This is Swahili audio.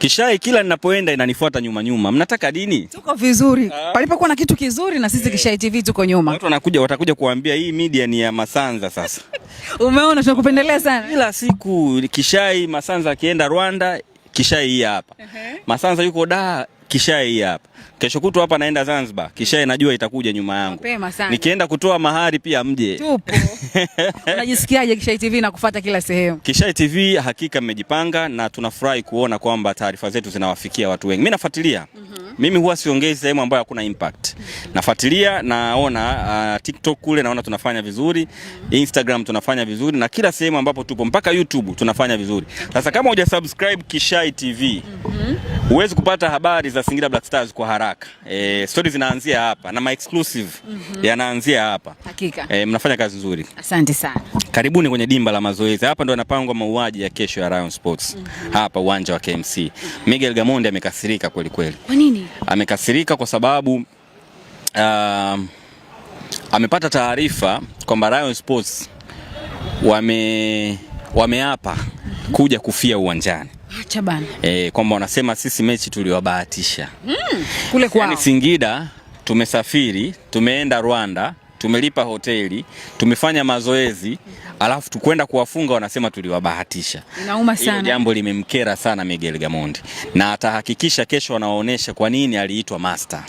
Kishai kila ninapoenda inanifuata nyuma nyuma. Mnataka dini? Tuko vizuri. Ah. Palipokuwa na kitu kizuri na sisi eh. Kishai TV tuko nyuma. Watu wanakuja watakuja kuambia hii media ni ya Masanza sasa. Umeona tunakupendelea sana. Kila siku Kishai Masanza akienda Rwanda, Kishai hii hapa. Masanza yuko da kisha hii hapa kesho kutu hapa naenda Zanzibar, kisha najua itakuja nyuma yangu. Nikienda kutoa mahari pia mje. Tupo. Unajisikiaje Kisha TV na kufuata kila sehemu? Kisha TV hakika mmejipanga na tunafurahi kuona kwamba taarifa zetu zinawafikia watu wengi. Mimi nafuatilia. Mm -hmm. Mimi huwa siongezi sehemu ambayo hakuna impact. Mm -hmm. Nafuatilia naona uh, TikTok kule naona tunafanya vizuri, mm -hmm. Instagram tunafanya vizuri na kila sehemu ambapo tupo mpaka YouTube tunafanya vizuri. Sasa okay. kama hujasubscribe Kisha TV, mm -hmm. Huwezi kupata habari za Singida Black Stars kwa haraka. E, stori zinaanzia hapa na my exclusive mm -hmm. yanaanzia hapa. Hakika. E, mnafanya kazi nzuri. Asante sana. Karibuni kwenye dimba la mazoezi. Hapa ndo yanapangwa mauaji ya kesho ya Rayon Sports. Mm -hmm. Hapa uwanja wa KMC. Miguel Gamonde amekasirika kweli kweli. Kwa nini? Amekasirika kwa sababu uh, amepata taarifa kwamba Rayon Sports wame wameapa kuja kufia uwanjani. Acha bana. Eh, kwamba wanasema sisi mechi tuliwabahatisha. Mm, kule kwa yani Singida tumesafiri, tumeenda Rwanda, tumelipa hoteli, tumefanya mazoezi, alafu tukwenda kuwafunga wanasema tuliwabahatisha. Inauma sana. Hilo jambo limemkera sana Miguel Gamondi na atahakikisha kesho anawaonesha kwa nini aliitwa master.